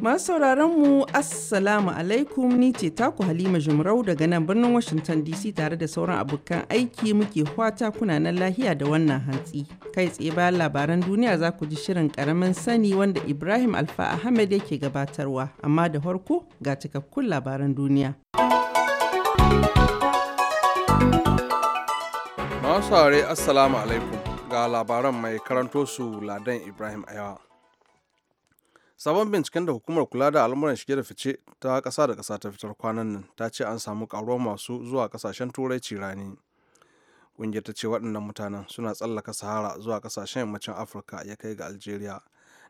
Masu sauraron mu Assalamu alaikum ni ce taku Halima Jumrau daga nan birnin Washington DC tare da sauran abokan aiki muke kwata kuna nan lahiya da wannan hantsi. Kai tsaye bayan labaran duniya za ku ji shirin karamin sani wanda Ibrahim Alfa Ahmed yake gabatarwa amma da farko ga cikakkun labaran duniya. Masu Assalamu alaikum ga labaran mai karanto su Ladan Ibrahim Ayawa. sabon binciken da hukumar kula da al'amuran shige da fice ta ƙasa da ƙasa ta fitar kwanan nan ta ce an samu ƙaruwar masu zuwa kasashen turai rani ƙungiyar ta ce waɗannan mutanen suna tsallaka sahara zuwa ƙasashen yammacin afirka ya kai ga algeria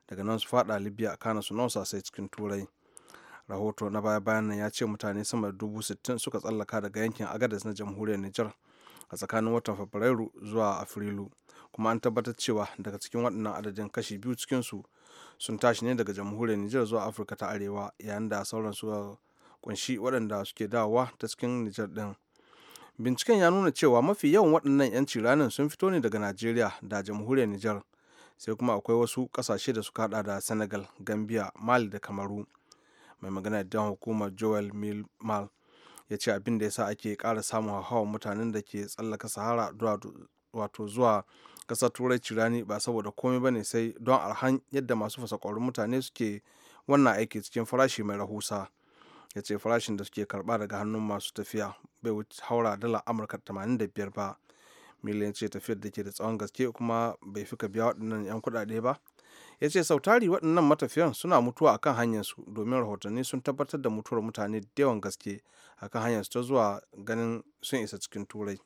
daga nan su faɗa libya kana su nausa sai cikin turai rahoto na baya bayan nan ya ce mutane sama da dubu sittin suka tsallaka daga yankin agadas na jamhuriyar niger a tsakanin watan fabrairu zuwa afrilu kuma an tabbatar cewa daga cikin waɗannan adadin kashi biyu cikinsu su sun tashi ne daga jamhuriyar Nijar zuwa Afirka ta Arewa yayin da sauran suka kunshi waɗanda suke dawowa ta cikin Nijar ɗin. Binciken ya nuna cewa mafi yawan waɗannan 'yanci ranar sun fito ne daga Najeriya da jamhuriyar Nijar sai kuma akwai wasu ƙasashe da suka hada da Senegal, Gambia, Mali da Kamaru. Mai magana da hukumar Joel Milmal ya ce abin da ya sa ake ƙara samun hauhawar mutanen da ke tsallaka Sahara wato zuwa kasar turai cirani ba saboda komai ba ne sai don arhan yadda masu fasakorin mutane suke wannan aiki cikin farashi mai rahusa ya ce farashin da suke karba daga hannun masu tafiya bai wuce haura dala amurka 85 ba miliyan ce tafiyar da ke da tsawon gaske kuma bai fi ka biya waɗannan 'yan kuɗaɗe ba ya ce sautari waɗannan matafiyan suna mutuwa akan hanyarsu domin rahotanni sun tabbatar da mutuwar mutane da yawan gaske akan su ta zuwa ganin sun isa cikin turai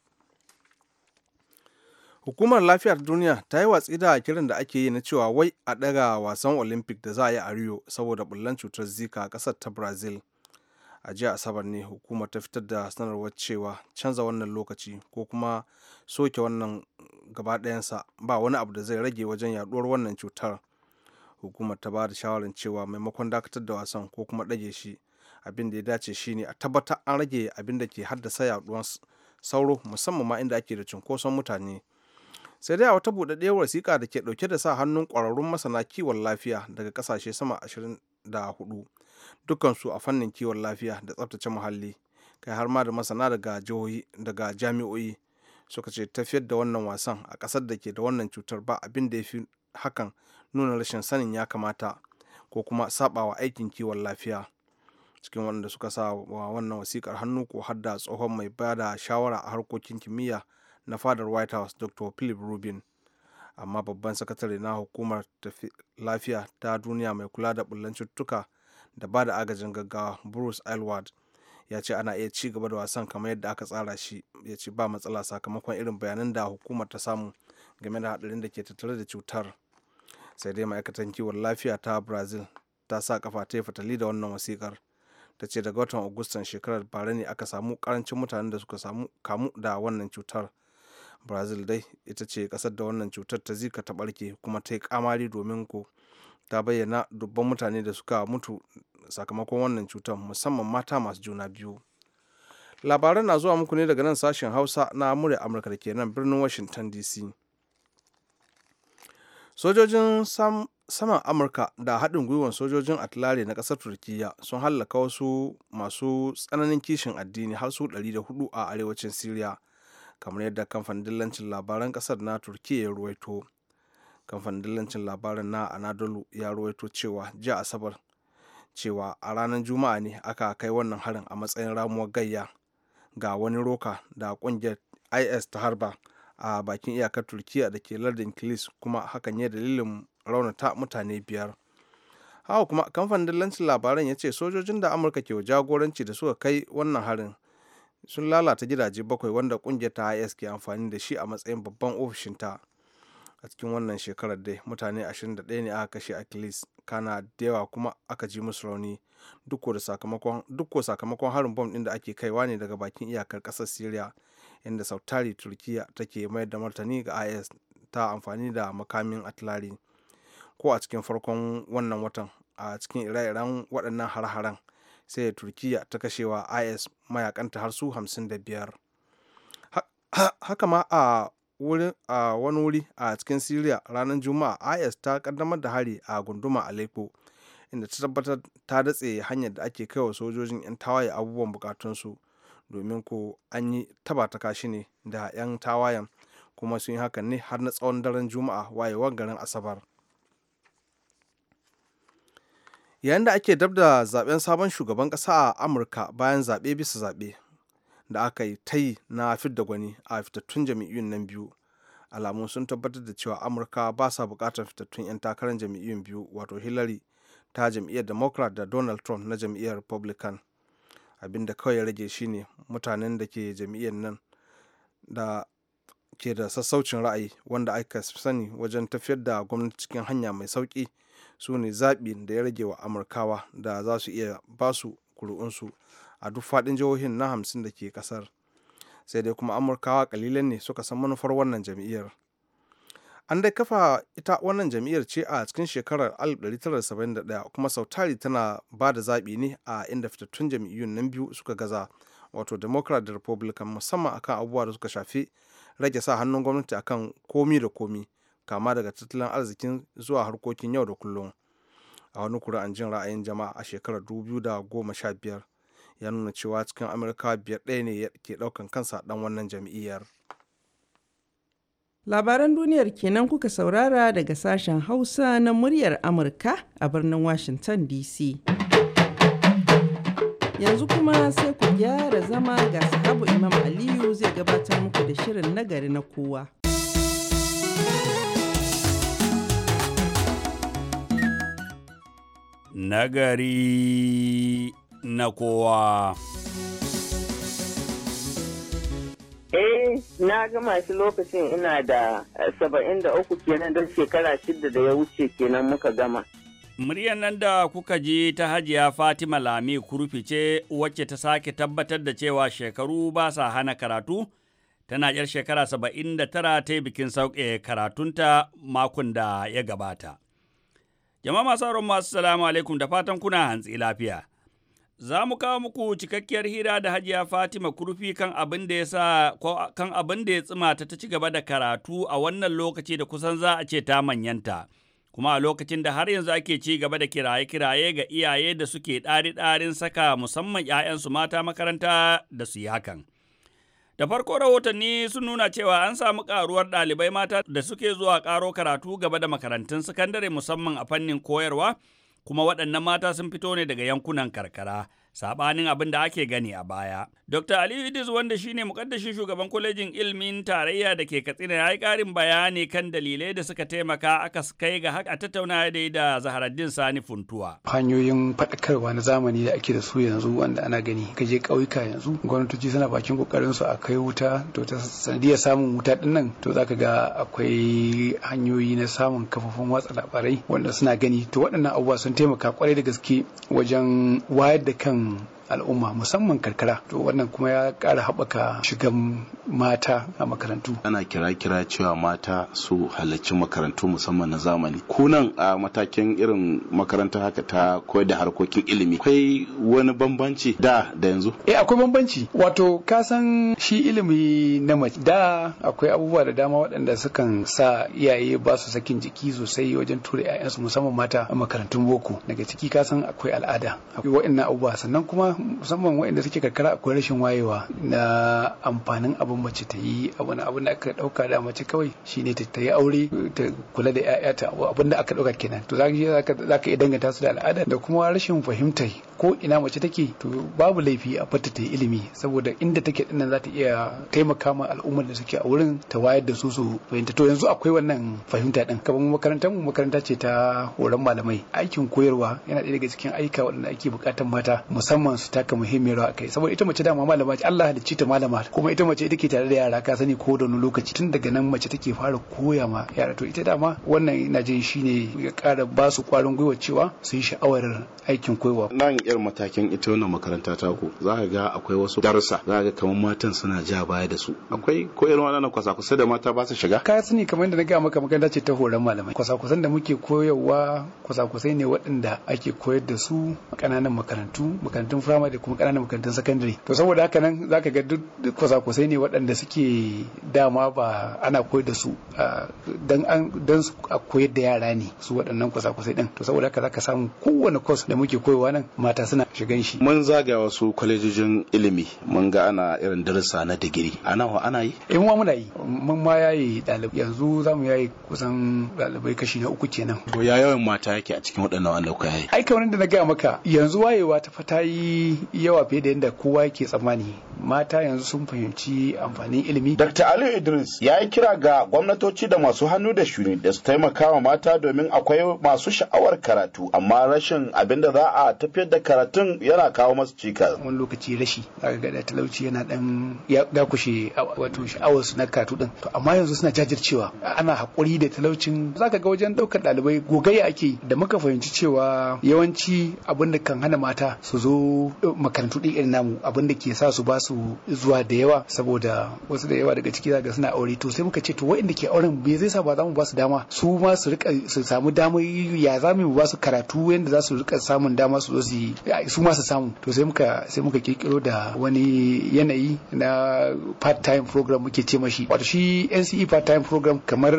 hukumar lafiyar duniya ta yi watsi da kiran da ake yi na cewa wai a ɗaga wasan olympic da za a yi a rio saboda bullan cutar zika a kasar ta brazil a jiya asabar ne hukumar ta fitar da sanarwar cewa canza wannan lokaci ko kuma soke wannan gaba ɗayansa ba wani abu da zai rage wajen yaduwar wannan cutar hukumar ta ba da shawarar cewa maimakon dakatar da wasan ko kuma ɗage shi abin da ya dace shine a tabbatar an rage abin da ke haddasa yaduwar sauro musamman ma inda ake da cunkoson mutane sai dai a wata buɗaɗɗiyar wasiƙa da ke ɗauke da sa hannun ƙwararrun masana kiwon lafiya daga ƙasashe sama ashirin da 24 dukansu a fannin kiwon lafiya da tsaftace muhalli kai har ma da masana daga jihohi daga jami'o'i suka ce tafiyar da wannan wasan a ƙasar da ke da wannan cutar ba abin da ya fi hakan nuna rashin sanin ya kamata ko kuma saɓawa aikin kiwon lafiya cikin waɗanda suka sa wa wannan wasikar hannu ko har da tsohon mai ba da shawara a harkokin kimiyya na fadar white house dr philip rubin amma babban sakatare na hukumar lafiya ta duniya mai kula da bullan cututtuka da ba da agajin gaggawa bruce aylward ya ce ana iya ci gaba da wasan kamar yadda aka tsara shi ya ce ba matsala sakamakon irin bayanan da hukumar ta samu game da hadarin da ke tattare da cutar sai dai ma'aikatan kiwon lafiya ta brazil ta sa kafa ta yi fatali da wannan wasikar ta ce daga watan agustan shekarar bara ne aka samu karancin mutanen da suka samu kamu da wannan cutar brazil dai ita ce kasar da wannan cutar ta zika ta barke kuma ta yi kamari domin ku ta bayyana dubban mutane da suka mutu sakamakon wannan cutar musamman mata masu juna biyu labaran na zuwa muku ne daga nan sashen hausa na murya amurka da ke nan birnin washington dc sojojin saman amurka da haɗin gwiwar sojojin atlare na ƙasar turkiyya sun hallaka wasu masu tsananin kishin addini har su 400 a arewacin syria kamar yadda kamfanin dillancin labaran kasar na turkiya ya ruwaito kamfanin dillancin labaran na anadolu ya ruwaito cewa jiya asabar cewa a ranar juma'a ne aka kai wannan harin a matsayin ramuwar gayya ga wani roka da kungiyar is ta harba a bakin iyakar turkiya da ke lardin kilis kuma hakan ya dalilin raunata mutane biyar hawa kuma kamfanin dillancin labaran ya ce sojojin da amurka ke jagoranci da suka kai wannan harin sun lalata gidaje bakwai wanda kungiyar ta is ke amfani da shi a matsayin babban ofishin ta a cikin wannan shekarar dai mutane 21 ne aka kashe a achilles kana da yawa kuma aka ji musu rauni duk ko sakamakon harin bom din da ake kaiwa ne daga bakin iyakar kasar syria inda sautari turkiya take mayar da martani ga is ta amfani da makamin atilari ko a cikin farkon wannan watan a cikin ire-iren waɗannan har-haren sai da turkiya ta kashe wa is mayakanta har su 55 haka ma a wani wuri a cikin syria ranar juma'a is ta kaddamar da hari a gunduma aleppo inda ta tabbatar ta datse hanyar da ake kaiwa sojojin 'yan tawaye abubuwan bukatunsu domin ko an yi taba ta kashi ne da 'yan tawayen kuma sun yi hakan ne har na tsawon daren juma'a wayewar garin asabar yayin da ake dab da zaben sabon shugaban ƙasa a amurka bayan zaɓe bisa zaɓe da aka yi ta yi na fidda gwani a fitattun jami'in nan biyu alamu sun tabbatar da cewa amurka ba sa buƙatar fitattun 'yan takarar jami'in biyu wato hillary ta jam'iyyar democrat da donald trump na jam'iyyar republican abinda kawai ya rage shine mutanen da ke jam'iyyar nan da ke da sassaucin ra'ayi wanda aka sani wajen tafiyar da gwamnati cikin hanya mai sauƙi su ne zaɓi da ya rage wa amurkawa da za su iya ba su kuru'unsu a duk faɗin jihohin na hamsin da ke ƙasar sai dai kuma amurkawa ƙalilan ne suka san manufar wannan jam'iyyar an dai kafa ita wannan jam'iyyar ce a cikin shekarar 1971 kuma sautari tana ba da zaɓi ne a inda fitattun jam'iyyun nan biyu suka gaza wato democrat da republican musamman akan abubuwa da suka shafi rage sa hannun gwamnati akan komi da komi kama daga tattalin arzikin zuwa harkokin yau da kullum a wani kuri'an jin ra'ayin jama'a a shekarar da goma sha biyar ya nuna cewa cikin amurka biyar ɗaya ne ke ɗaukan kansa ɗan wannan jam'iyyar labaran duniyar kenan kuka saurara daga sashen hausa na muryar amurka a birnin washington dc yanzu kuma sai ku gyara zama ga sahabu imam aliyu zai gabatar muku da shirin nagari na kowa nagari na kowa. Eh, na gama shi lokacin ina da saba'in da uku kenan don shekara shida da ya wuce kenan muka gama. Muryar nan da kuka ji ta hajiya Fatima Lami kurfi ce wacce ta sake tabbatar da cewa shekaru ba sa hana karatu, tana yar shekara saba'in da tara ta yi bikin sauƙe karatunta makon da ya gabata. Jama'a masu sauran masu salamu alaikum da fatan kuna hantsi lafiya. Za mu kawo muku cikakkiyar hira da Hajiya Fatima Kurfi kan abin da ya sa tsima ta ta ci gaba da karatu a wannan lokaci da kusan za a ce ta manyanta. Kuma a lokacin da har yanzu ake ci gaba da kiraye-kiraye ga iyaye da suke ɗari-ɗarin saka musamman 'ya'yansu mata makaranta da su yi hakan. Da farko rahotanni sun nuna cewa an samu karuwar ɗalibai mata da suke zuwa ƙaro karatu gaba da makarantun sakandare musamman a fannin koyarwa, kuma waɗannan mata sun fito ne daga yankunan karkara. sabanin abin da ake gani a baya. Dr. Ali Idris wanda shine mukaddashin shugaban kwalejin ilimin tarayya da ke Katsina ya yi karin bayani kan dalilai da suka taimaka aka kai ga haka tattauna da da Zaharaddin Sani Funtuwa. Hanyoyin faɗakarwa na zamani da ake da su yanzu wanda ana gani Ka je ƙauyuka yanzu gwamnatoci suna bakin kokarin su a kai wuta to ta sanadiyar samun wuta din nan to zaka ga akwai hanyoyi na samun kafofin watsa labarai wanda suna gani to waɗannan abubuwa sun taimaka kwarai da gaske wajen wayar da kan yang hmm. al'umma musamman karkara to wannan kuma ya ƙara haɓaka shigan mata a makarantu ana kira kira cewa mata su halarci makarantu musamman na zamani kunan a matakin irin makaranta haka ta koyar da harkokin ilimi akwai wani bambanci da da yanzu eh akwai bambanci wato ka san shi ilimi na mace da akwai abubuwa da dama waɗanda sukan sa iyaye ba su sakin jiki sosai wajen tura 'ya'yansu musamman mata a makarantun boko daga ciki ka san akwai al'ada akwai waɗannan abubuwa sannan kuma musamman waɗanda suke karkara akwai rashin wayewa na amfanin abin mace ta yi abin da aka ɗauka da mace kawai shine ta yi aure ta kula da 'ya'ya ta abin da aka ɗauka kenan to za ka iya danganta su da al'ada da kuma rashin fahimtar ko ina mace take to babu laifi a fata ta yi ilimi saboda inda take dinnan za ta iya taimaka ma al'ummar da suke a wurin ta wayar da su su fahimta to yanzu akwai wannan fahimta din kamar makarantar mu makaranta ce ta horon malamai aikin koyarwa yana ɗaya daga cikin aika waɗanda ake buƙatar mata musamman su taka muhimmiyar rawa kai saboda ita mace dama malama ce Allah ci ta malama kuma ita mace ita ke tare da yara ka sani ko da wani lokaci tun daga nan mace take fara koya ma yara to ita dama wannan ina jin shine ya kara ba su kwarin gwiwa cewa su yi sha'awar aikin koyarwa nan yar matakin ita wannan makaranta ta ku za ka ga akwai wasu darussa za ka ga kamar matan suna ja baya da su akwai koyarwa na kwasa kusa da mata ba su shiga ka sani kamar yadda na ga maka makaranta ce ta horon malamai kwasa kusan da muke koyarwa kwasa kusai ne waɗanda ake koyar da su ƙananan makarantu makarantun firamare da kuma ƙananan makarantun sakandare to saboda haka nan za ka ga duk kwasa-kwasai ne waɗanda suke dama ba ana koyar da su don an su a koyar da yara ne su waɗannan kwasa-kwasai din to saboda haka za ka samu kowane kwas da muke koyarwa nan mata suna shigan shi mun zaga wasu kwalejojin ilimi mun ga ana irin darussa na digiri ana wa ana yi eh mu muna yi mun ma yayi ɗalibai yanzu zamu yayi kusan ɗalibai kashi na uku kenan ko ya yawan mata yake a cikin waɗannan wanda kuka yayi ai kamar da na gaya maka yanzu wayewa ta fata yi yawa fiye da yadda kowa ke tsammani mata yanzu sun fahimci amfanin ilimi dr ali idris ya yi kira ga gwamnatoci da masu hannu da shuni da su taimaka wa mata domin akwai masu sha'awar karatu amma rashin abin da za a tafiyar da karatun yana kawo masu cikas wani lokaci rashi zaka ga talauci yana dan ya dakushe wato sha'awar su na karatu din to amma yanzu suna jajircewa ana hakuri da talaucin zaka ga wajen ɗaukar ɗalibai gogayya ake da muka fahimci cewa yawanci abin da kan hana mata su zo makarantu ɗin irin namu abin da ke sa su ba su zuwa da yawa saboda wasu da yawa daga ciki zaga suna aure to sai muka ce to waɗanda ke auren me zai sa ba za mu ba su dama su ma su rika su samu dama ya za mu ba su karatu yadda za su rika samun dama su zo su su ma su samu to sai muka sai muka kirkiro da wani yanayi na part time program muke ce mashi wato shi NCE part time program kamar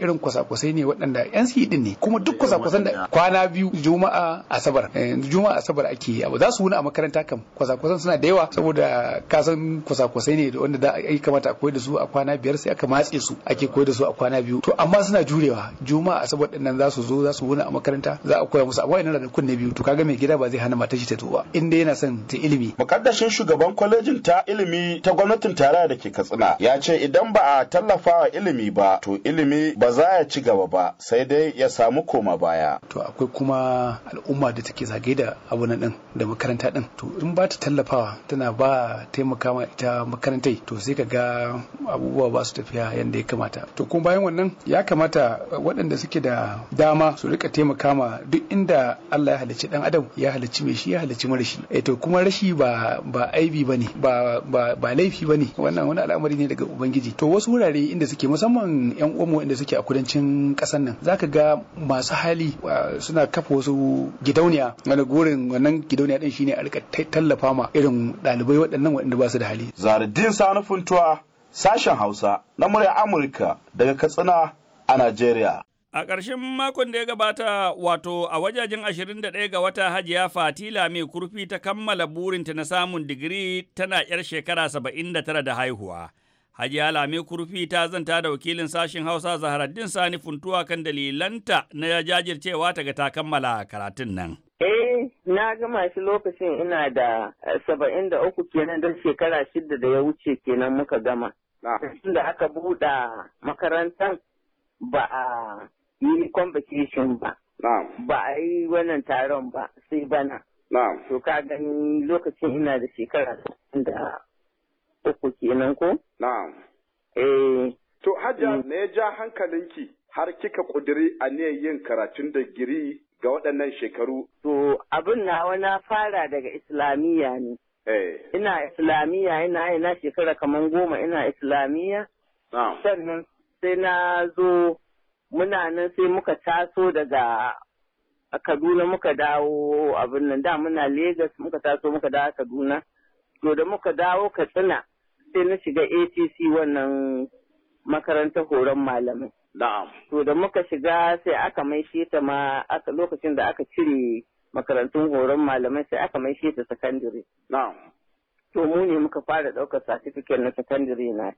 irin kwasa-kwasai ne waɗanda NCE din ne kuma duk kwasa-kwasan da eh, kwana biyu juma'a asabar eh, juma'a asabar ake yi za su wuni a makaranta makaranta kam kwasa-kwasan suna da yawa saboda kasan kwasa-kwasai ne wanda da ya kamata a koyar da su a kwana biyar sai aka matse su ake koyar da su a kwana biyu to amma suna jurewa juma'a saboda nan za su zo za su wuna a makaranta za a koya musu a ina da kunne biyu to kaga mai gida ba zai hana matar shi ta ba inda yana son ta ilimi mukaddashin shugaban kwalejin ta ilimi ta gwamnatin tarayya da ke Katsina ya ce idan ba a tallafa wa ilimi ba to ilimi ba za ya ci gaba ba sai dai ya samu koma baya to akwai kuma al'umma da take zage da abunan din da makaranta din to in ba ta tallafawa tana ba taimaka ma ita makarantai to sai ka ga abubuwa ba su tafiya yadda ya kamata to kuma bayan wannan ya kamata waɗanda suke da dama su rika taimaka ma duk inda Allah ya halicci dan adam ya halicci mai shi ya halicci mara shi eh to kuma rashi ba ba aibi ba ne. ba laifi bane wannan wani al'amari ne daga ubangiji to wasu wurare inda suke musamman yan uwanmu inda suke a kudancin kasan nan zaka ga masu hali suna kafa wasu gidauniya wani gurin wannan gidauniya din shine a rika ta tallafa ma irin ɗalibai waɗannan waɗanda ba su da hali. Zaradin Sani Funtuwa sashen Hausa na murya Amurka daga Katsina a Najeriya. A ƙarshen makon da ya gabata wato a wajajen 21 ga wata hajiya Fatila mai kurfi ta kammala burinta na samun digiri tana 'yar shekara 79 da haihuwa. Hajiya Lame Kurfi ta zanta da wakilin sashen Hausa Zaharaddin Sani Funtuwa kan dalilanta na jajircewa ta ga ta kammala karatun nan. Eh na gama shi lokacin ina da eh, saba'in da uku kenan don shekara shida da ya wuce kenan muka gama. Lokacin da aka buɗa makarantar ba a yi convocation ba. Ba a yi wannan taron ba sai bana. To ka gani lokacin ina da shekara da uku kenan ko? Eh. To hajja ne mm. ya ja hankalinki har kika ƙudiri niyan yin karatun digiri ga waɗannan shekaru? To abin nawa na fara daga islamiyya ne. Eh. Ina islamiyya ina ina shekara kamar goma ina islamiyya. Sannan sai na zo muna nan sai muka taso daga a Kaduna muka dawo abin nan da muna Legas muka taso muka dawo Kaduna. To da muka dawo Katsina sai na shiga ATC wannan makarantar horon malamai. Na'am. To da muka shiga sai aka maishe ta ma lokacin da aka cire makarantun horon malamai sai aka maishe ta sakandare. Na'am. To mu ne muka fara ɗaukar satifiket na sakandare na.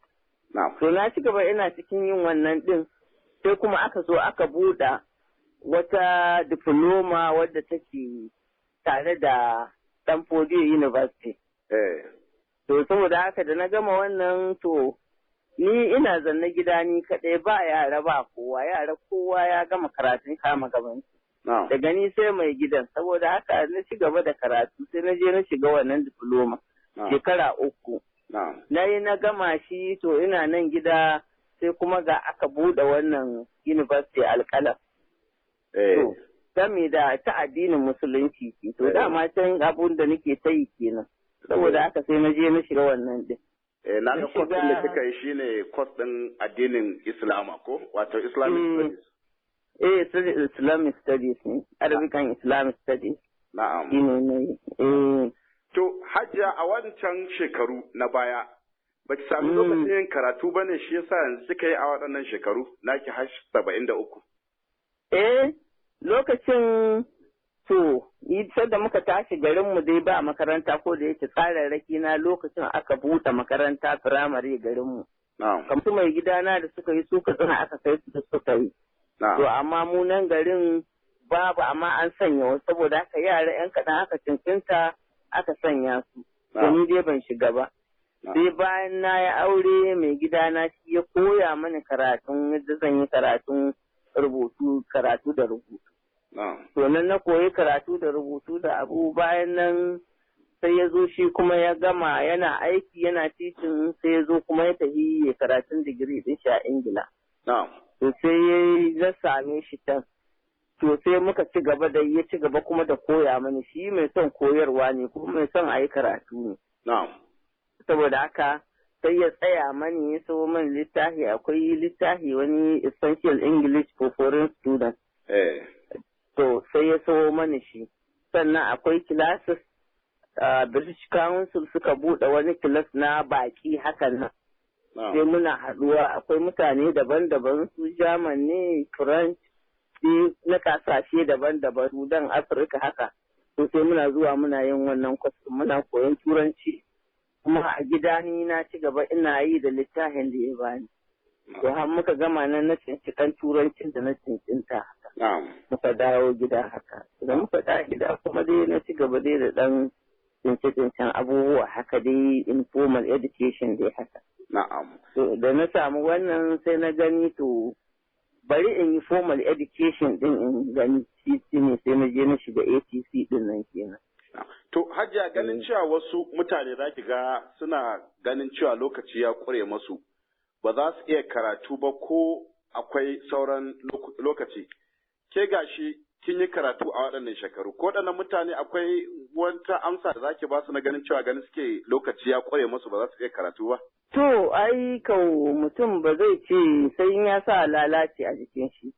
Na'am. To na ci gaba ina cikin yin wannan ɗin sai kuma aka zo aka buɗa wata diploma wadda take tare da Stanford University. Eh. To saboda haka da na gama wannan to Ni ina zanne gida ni kaɗai ba yara ba kowa, yara kowa ya gama karatun kama gaban Da gani sai mai gidan, saboda haka na ci gaba da karatu sai na je na shiga wannan diploma. Shekara uku. Na yi na gama shi to ina nan gida sai kuma ga aka buɗe wannan university alƙalam. Eh. game da ta addinin musulunci to eh. dama can abun da nake ta yi kenan eh. saboda haka sai na je na shiga wannan din Eh, na ga kwas da kika yi shine kwas ɗin addinin Islama ko? Wato Islamic hmm. Studies. Eh, Islamic Studies ne, Arabic Islamic Studies. Na'am. Eh. To, hajja a wancan shekaru na baya, ba ki sami hmm. lokacin yin karatu ba ne shi yasa yanzu kika yi a waɗannan shekaru, naki hash saba'in da uku. Eh, lokacin To, da muka tashi garinmu dai ba makaranta ko da yake tsararraki na lokacin aka buɗe makaranta firamare garinmu. Kamtu mai gidana da suka yi suka zana aka kai su da suka yi. To, amma mu garin babu amma an sanya wasu saboda haka yara 'yan kaɗan aka cincinta aka sanya su. Domin dai ban shiga ba. Sai bayan na ya aure mai gidana shi ya koya mani karatun yadda zan yi karatun rubutu karatu da rubutu. To nan na koyi karatu da rubutu da abu bayan nan sai ya zo shi kuma ya gama yana aiki yana titin sai ya zo kuma ya tafi ya karatun digiri din shi a Ingila. To sai ya same shi can. To sai muka ci gaba da ya ci gaba kuma da koya mani shi mai son koyarwa ne kuma mai son a yi karatu ne. Saboda haka sai ya tsaya mani ya so man littafi akwai littafi wani essential English for foreign students. Eh. to sai ya sawo mani shi sannan akwai classes British Council suka buɗe wani kilas na baki hakan nan sai muna haɗuwa akwai mutane daban-daban su German ne French na kasashe daban-daban Sudan Afirka haka to sai muna zuwa muna yin wannan kwas muna koyon turanci kuma a gida ni na ci gaba ina yi da littafin da ya bani to har muka gama nan na cincikan turancin da na cincinta muka dawo gida haka idan muka da gida kuma dai na ci gaba dai da dan tsince-tsincen abubuwa haka dai informal education dai haka na'am da na samu wannan sai na gani to bari in yi formal education din in gani CC ne sai na je na shiga ATC din nan kenan To Hajiya, ganin mm. cewa wasu mutane za ki ga suna ganin cewa lokaci ya ƙure masu ba za su iya karatu ba ko akwai sauran lokaci. ke gashi kin yi karatu a waɗannan shekaru ko waɗannan mutane akwai wata amsa da zaki ba su na ganin cewa ganin suke lokaci ya kware musu ba za su iya karatu ba to ai kau mutum ba zai ce sai ya sa lalace a jikin shi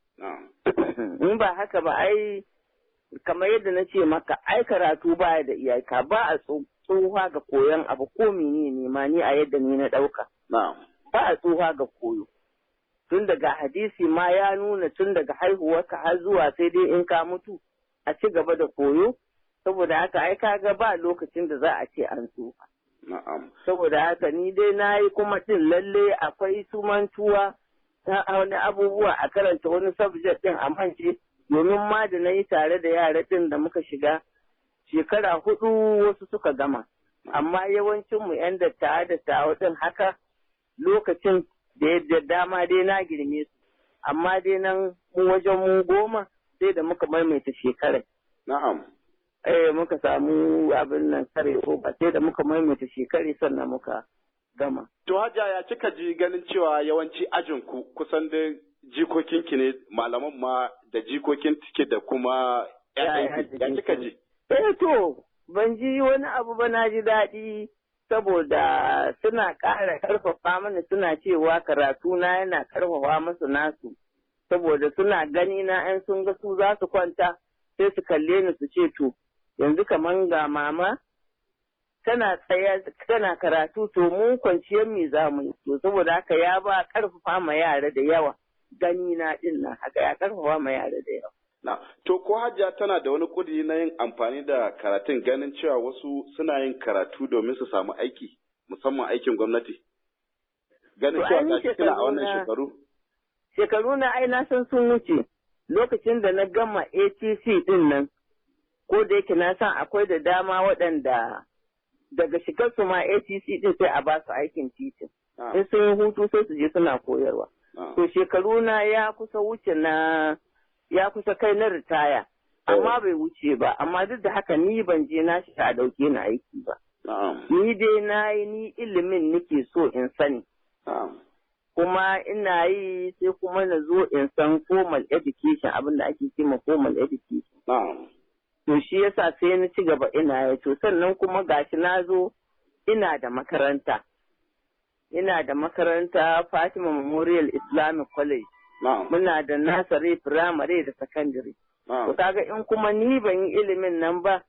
in ba haka ba ai kamar yadda na ce maka ai karatu baya da iyaka ba a tsohuwa ga koyon abu ko menene ma ni a yadda ni na ɗauka ba a tsohuwa ga koyo tun daga hadisi ma ya nuna tun daga haihuwarka har zuwa sai dai in ka mutu a ci gaba da koyo saboda haka ai ga ba lokacin da za a ce an tsufa saboda haka ni dai na yi kuma ɗin lalle akwai tumantuwa ta wani abubuwa a karanta wani subject ɗin a manje, domin ma da na yi tare da yara ɗin da muka shiga shekara hudu wasu suka gama amma yawancinmu 'yan dattawa dattawa ɗin haka lokacin da yadda dama dai na girme su amma dai nan mu wajen mu goma sai da muka maimaita shekarar na'am eh muka samu abin nan kare ko ba sai da muka maimaita shekara sannan muka gama to hajja ya cika ji ganin cewa yawanci ajin ku kusan da jikokin ki ne malaman ma da jikokin tike da kuma ya cika ji eh to ban ji wani abu ba na ji daɗi saboda suna ƙara karfafa mana suna cewa karatu na yana ƙarfafa musu nasu saboda suna gani na yan sun ga su za su kwanta sai su kalle ni su ce to yanzu kaman ga mama tana tsaya tana karatu to mu kwanciyar mu za mu yi to saboda haka ya ba ƙarfafa ma yara da yawa gani na din nan haka ya ƙarfafa ma yara da yawa Na, to ko hajja tana da wani kudi na yin amfani da karatun ganin cewa wasu suna yin karatu domin su samu aiki, musamman aikin gwamnati. Ganin cewa ga kina a wannan shekaru. Shekaru na ai na san sun wuce lokacin da na gama ATC din nan. Ko da yake na san akwai da dama waɗanda daga shigar su ma ATC din sai a ba su aikin titin. Ah. In sun hutu sai su je suna koyarwa. Ah. To shekaru na ya kusa wuce na ya kusa kai na ritaya amma oh. bai wuce ba amma duk da haka ni ban je na shi a dauke na aiki ba ni dai na yi ni ilimin nake so in sani kuma ina yi sai kuma na zo in san formal education abin da ake kima formal education to shi yasa sai na ci gaba ina yi to sannan kuma gashi na zo ina da makaranta ina da makaranta Fatima Memorial Islamic College muna da nasare firamare da sakandare to kaga in kuma ni ban yi ilimin nan ba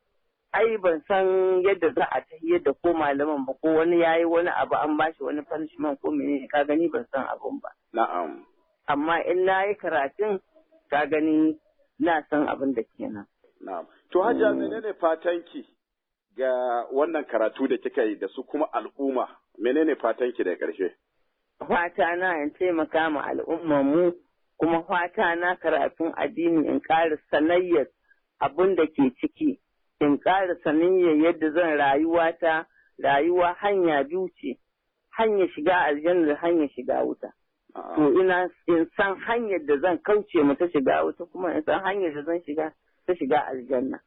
ai ban san yadda za a ta yadda ko malaman ba ko wani ya yi wani abu an bashi wani punishment ko menene ka gani ban san abun ba na'am amma in na yi karatun ka gani na san abin da ke nan. na'am to hajja mm. menene fatanki ga wannan karatu da kika yi da su kuma al'umma menene fatanki da karshe fata na in taimaka ma al'umman mu kuma fata na karatun addini in ƙara sanayyar abin da ke ciki in ƙara sanayyar yadda zan rayuwa ta rayuwa hanya biyu ce hanya shiga aljanna da hanya shiga wuta to ah. ina in san hanyar da zan kauce mu ta shiga wuta kuma in san hanyar da zan shiga ta shiga aljanna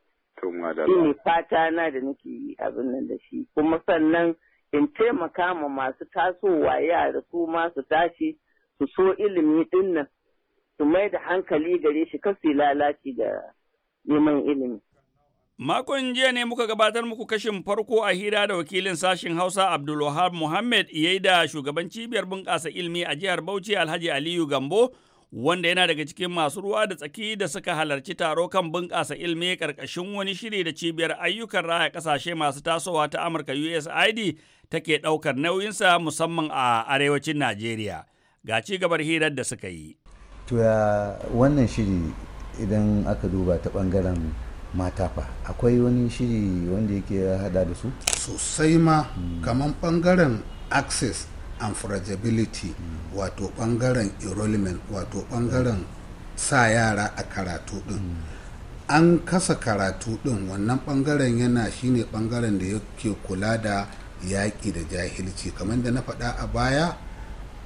Ina fata na da nake yi abin nan da shi kuma sannan in taimaka ma masu tasowa yara su ma su tashi su so ilimi dinnan su mai da hankali gare shi kan su lalaci da neman ilimi. Makon jiya ne muka gabatar muku kashin farko a hira da wakilin sashen Hausa Abdulwahab Muhammad yayi da shugaban cibiyar bunƙasa ilimi a jihar Bauchi Alhaji Aliyu Gambo wanda yana daga cikin masu ruwa da tsaki da suka halarci taro kan bunƙasa ilimi ƙarƙashin wani shiri da cibiyar ayyukan raya ƙasashe masu tasowa ta Amurka USAID take ɗaukar nauyinsa musamman a arewacin Najeriya. Ga ci gabar hirar da suka yi. to wannan shiri idan aka duba ta bangaren mata fa akwai wani shiri wanda yake hada da su sosai ma hmm. kaman kamar bangaren access and fragility hmm. wato bangaren enrollment wato bangaren sa yara a karatu din hmm. an kasa karatu din wannan bangaren yana shine bangaren da yake kula da yaƙi da jahilci kamar da na faɗa a baya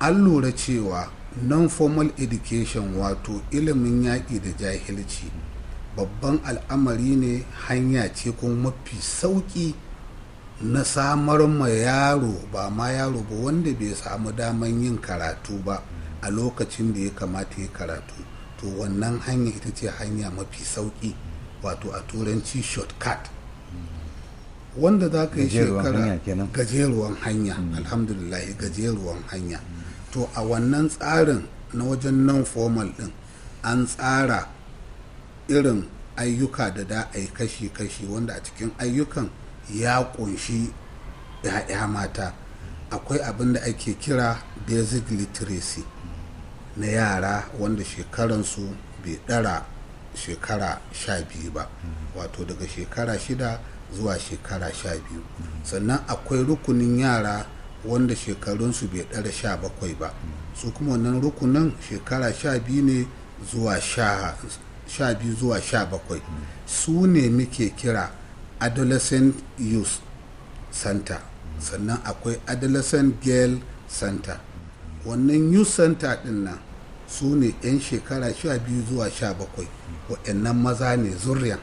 an lura cewa non-formal education wato ilimin yaƙi da jahilci babban al'amari ne hanya ce kuma mafi sauƙi na samar ma yaro ba ma yaro ba wanda bai samu daman yin karatu ba a lokacin da ya kamata ya karatu to wannan hanya ita ce hanya mafi sauƙi wato a turanci shortcut wanda za ka yi shekara gajeruwan hanya hmm. alhamdulillah gajeruwan hanya to a wannan tsarin na wajen non formal din an tsara irin ayyuka da da a kashi-kashi wanda a cikin ayyukan ya kunshi ya'ya mata akwai abin da ake kira basic literacy na yara wanda shekaransu bai dara shekara sha biyu ba wato daga shekara shida zuwa shekara sha biyu sannan akwai rukunin yara wanda shekarunsu bai ɗara sha bakwai ba su kuma wannan rukunin shekara sha biyu ne zuwa sha biyu zuwa sha bakwai su ne muke kira adolescent youth center sannan akwai adolescent girl center wannan youth center din nan su ne 'yan shekara sha biyu zuwa sha bakwai waɗannan maza ne zurriyan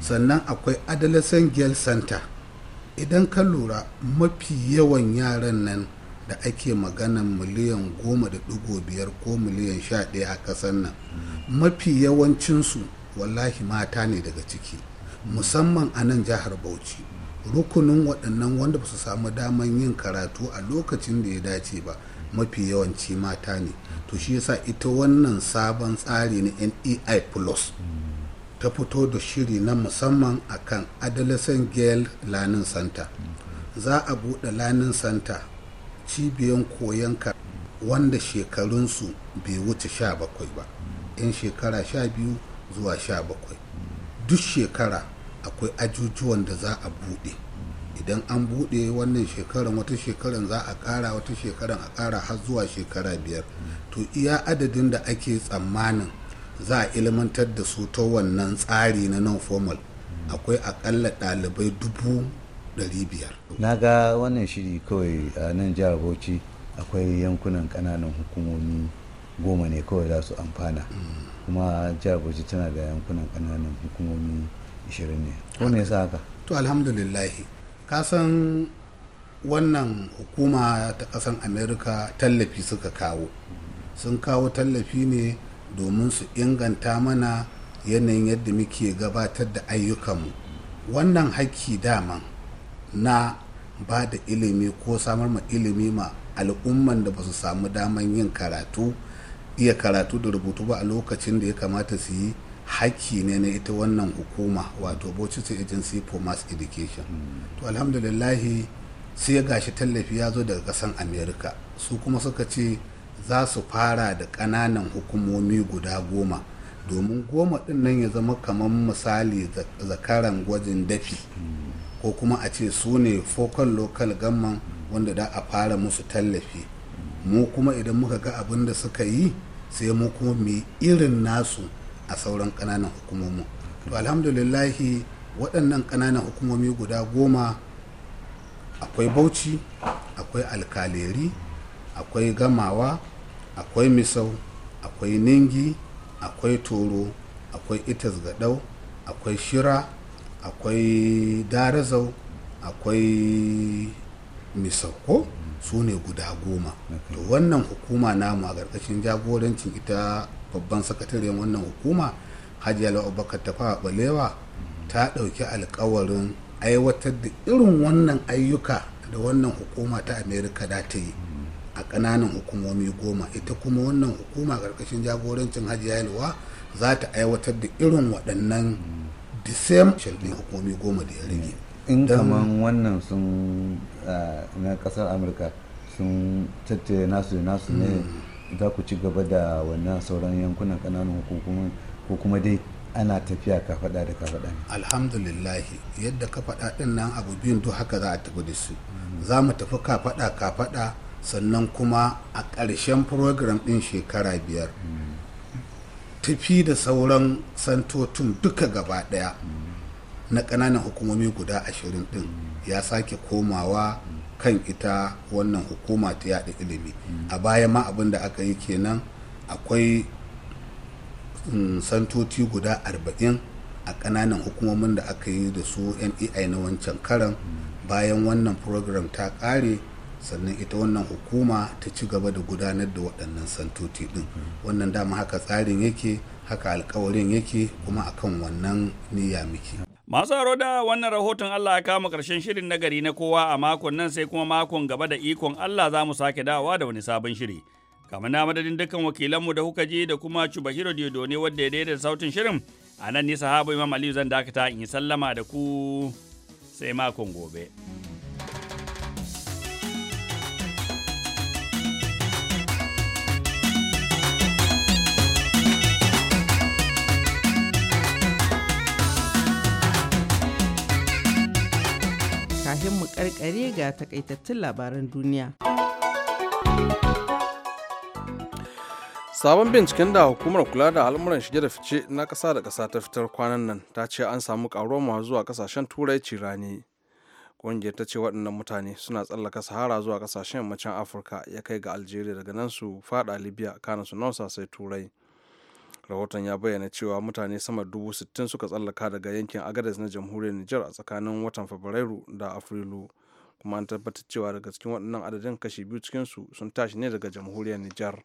sannan akwai adolescent girl center idan ka lura mafi yawan yaran nan da ake magana miliyan goma da digo biyar ko miliyan sha ɗaya a ƙasar nan mafi yawancinsu wallahi mata ne daga ciki musamman a nan jihar bauchi rukunin waɗannan wanda ba su samu daman yin karatu a lokacin da ya dace ba mafi yawanci mata ne to shi yasa ita wannan sabon tsari na nei plus ta fito da shiri na musamman akan adolescent girl lanin center za a bude lanin center cibiyan koyon ka wanda shekarunsu bai wuce 17 ba in shekara 12 zuwa 17 duk shekara akwai ajujuwan da za a bude idan an bude wannan shekarar wata shekaran za a kara wata shekaran a kara har zuwa shekara biyar to iya adadin da ake tsammanin za a ilmantar da su ta wannan tsari na non formal akwai akalla ɗalibai dubu dari biyar na ga wannan shiri kawai a nan jihar bauchi akwai yankunan kananan hukumomi goma ne kawai za su amfana kuma jihar bauchi tana da yankunan ƙananan hukumomi 20 ne ko ya sa haka to alhamdulillahi kasan wannan hukuma ta kasan america tallafi suka kawo sun kawo tallafi ne domin su inganta mana yanayin yadda muke gabatar da ayyukanmu wannan haƙƙi dama na ba da ilimi ko samar ma ilimi ma al'umman da ba su samu daman yin karatu iya karatu da rubutu ba a lokacin da ya kamata su yi haƙƙi ne na ita wannan hukuma wato Bauchi Agency for Mass Education. Hmm. To alhamdulillahi sai ya gashi tallafi ya zo daga ƙasan Amerika su kuma suka ce za su fara da ƙananan hukumomi guda goma domin goma ɗin nan ya zama kamar misali zakaran gwajin dafi ko kuma a ce su ne focal local gamman wanda da a fara musu tallafi mu kuma idan muka ga abin da suka yi sai mu kuma mu irin nasu a sauran ƙananan hukumomi to alhamdulillahi waɗannan ƙananan hukumomi guda goma akwai bauchi akwai alkaleri akwai gamawa akwai misau akwai ningi akwai toro akwai itas gaɗau akwai shira akwai darazau akwai misau ko su ne guda goma to wannan hukuma namu a ƙarƙashin jagorancin ita babban sakataren wannan hukuma hajiya abubakar ta fara balewa ta ɗauki alkawarin aiwatar da irin wannan ayyuka da wannan hukuma ta amerika da ta yi a ƙananan hukumomi goma ita kuma wannan hukuma ƙarƙashin jagorancin hajiya yalwa za ta aiwatar da irin waɗannan the same hukumomi goma da ya rage in kaman wannan sun na ƙasar amurka sun tattare nasu da nasu ne mm. za ku ci gaba da wannan sauran yankunan ƙananan hukumomi ko kuma dai ana tafiya ka faɗa da ka faɗa alhamdulillah yadda ka faɗa ɗin nan abu biyun duk haka za a tafi da su mm. za mu tafi ka faɗa ka faɗa sannan kuma a ƙarshen program ɗin shekara biyar tafi da sauran santotun duka gaba ɗaya na ƙananan hukumomi guda ashirin ɗin ya sake komawa kan ita wannan hukuma ta yaɗa ilimi a baya ma abin da aka yi kenan akwai mm, santoti guda arba'in a ƙananan hukumomin da aka yi da su nai e na wancan karan bayan wannan program ta ƙare sannan ita wannan hukuma ta ci gaba da gudanar da waɗannan santoti ɗin wannan dama haka tsarin yake haka alkawarin yake kuma akan wannan niyya miki Masu haro da wannan rahoton Allah ya kama karshen shirin na gari na kowa a makon nan sai kuma makon gaba da ikon Allah za mu sake dawowa da wani sabon shiri. Kamar na madadin dukkan wakilanmu da kuka je da kuma Chubahiro Diodo ne wadda ya daidaita sautin shirin. A nan ni sahabu Imam Aliyu zan dakata in yi sallama da ku sai makon gobe. kafin mu karkare ga takaitattun labaran duniya. Sabon binciken da hukumar kula da al'amuran shige da fice na kasa da kasa ta fitar kwanan nan ta ce an samu karuwar masu zuwa kasashen turai rani Ƙungiyar ta ce waɗannan mutane suna tsallaka sahara zuwa kasashen yammacin Afirka ya kai ga Algeria daga nan su faɗa Libya kana su nausa sai turai. rahoton ya bayyana cewa mutane sama dubu sittin suka tsallaka daga yankin agadas na jamhuriyar niger a tsakanin watan fabrairu da afrilu kuma an tabbatar cewa daga cikin waɗannan adadin kashi biyu cikinsu sun tashi ne daga jamhuriyar niger.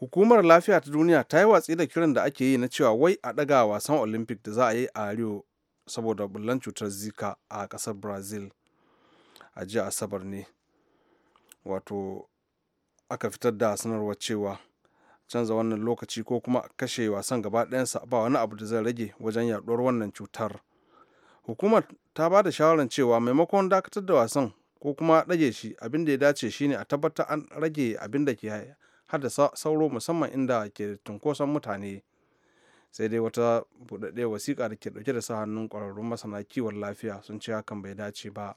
hukumar lafiya ta duniya ta yi watsi da kiran da ake yi na cewa wai a daga wasan olympic da za a yi a rio saboda bullan cutar zika a ƙasar brazil a jiya asabar ne wato aka fitar da sanarwar cewa canza wannan lokaci ko kuma kashe wasan gaba ɗayansa ba wani abu da zai rage wajen yaɗuwar wannan cutar hukumar ta ba da shawarar cewa maimakon dakatar da wasan ko kuma rage shi abin da ya dace shine a tabbatar an rage abin da ke haddasa sauro musamman inda ke tunkoson mutane sai dai wata buɗaɗɗiyar wasiƙa da ke ɗauke da sa hannun ƙwararrun masana kiwon lafiya sun ce hakan bai dace ba